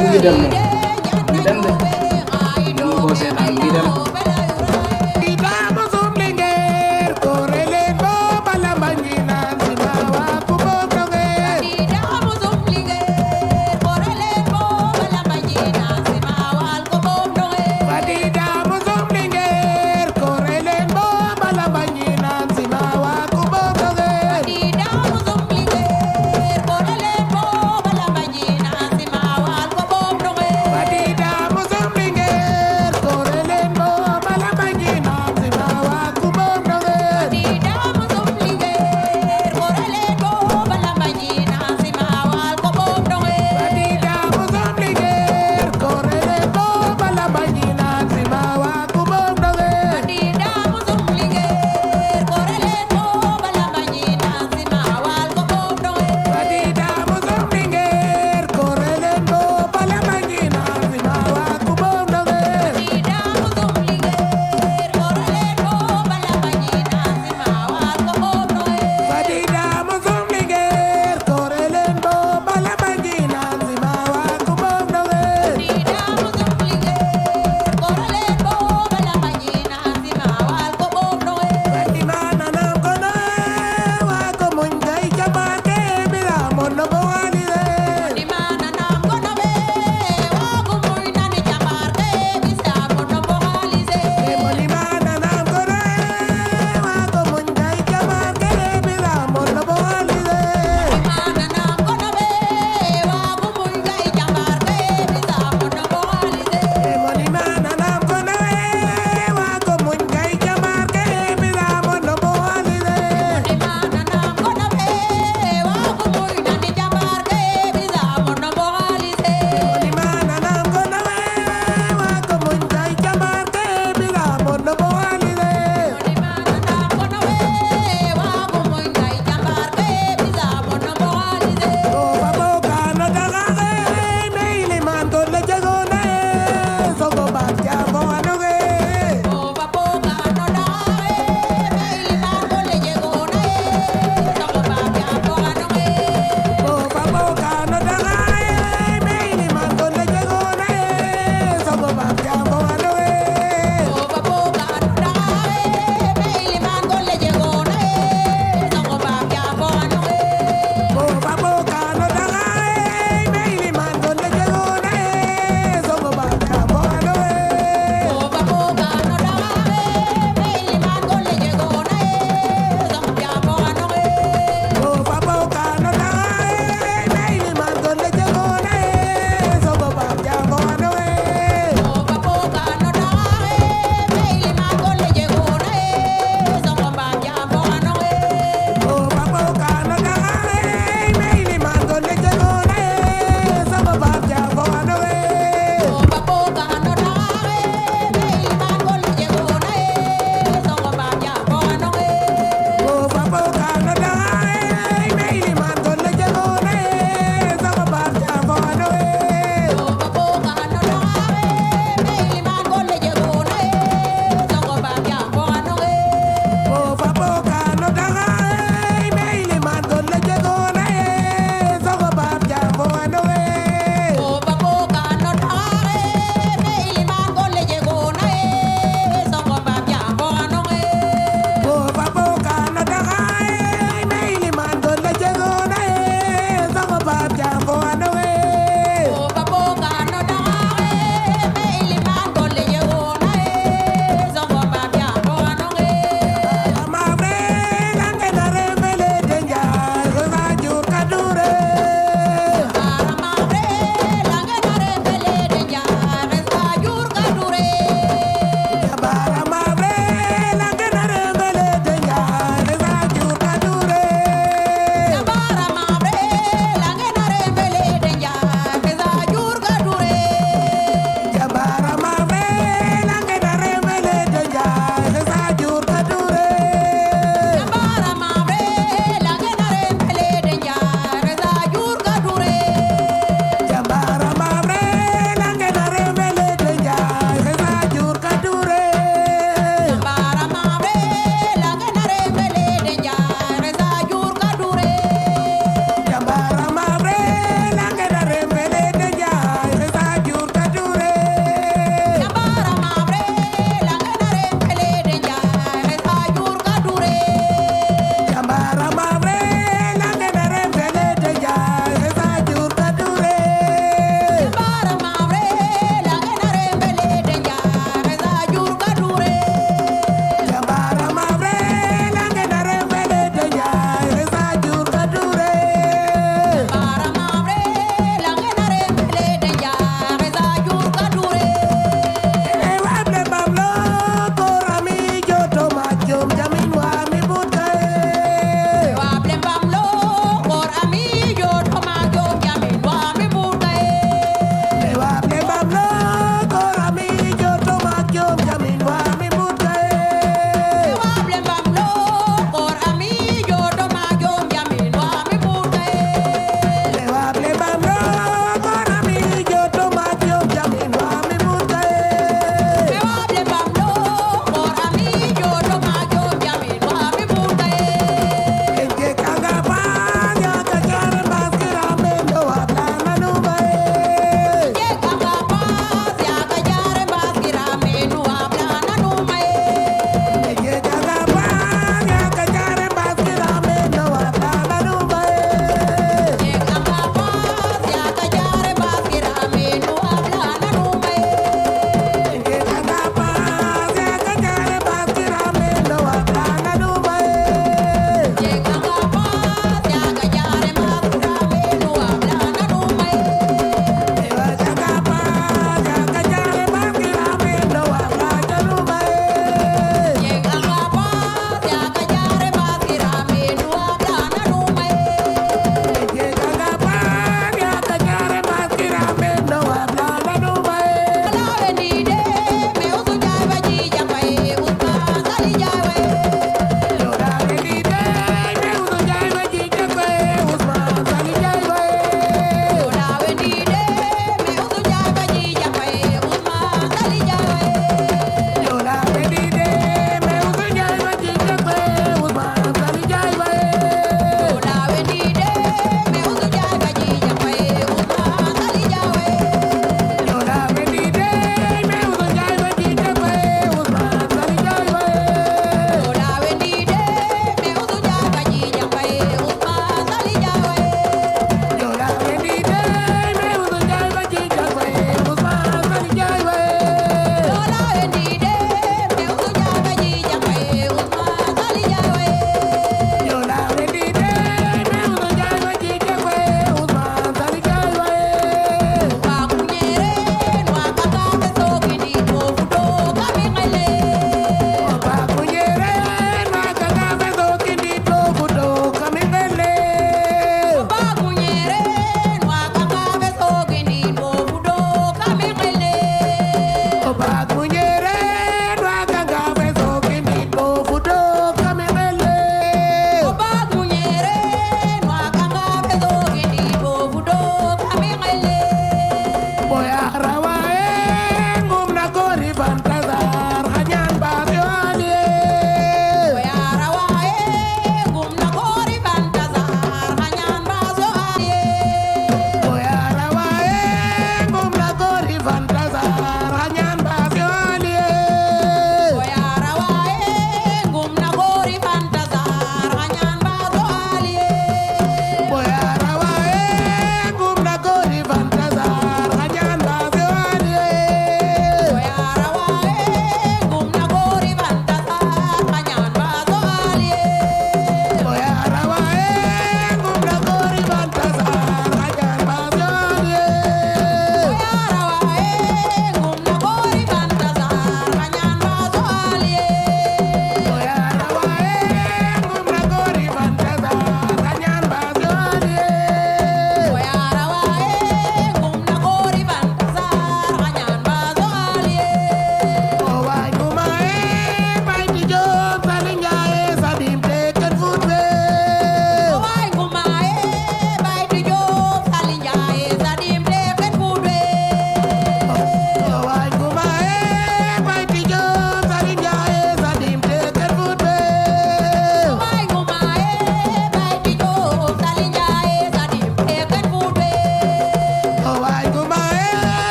mu ngi dem dem de.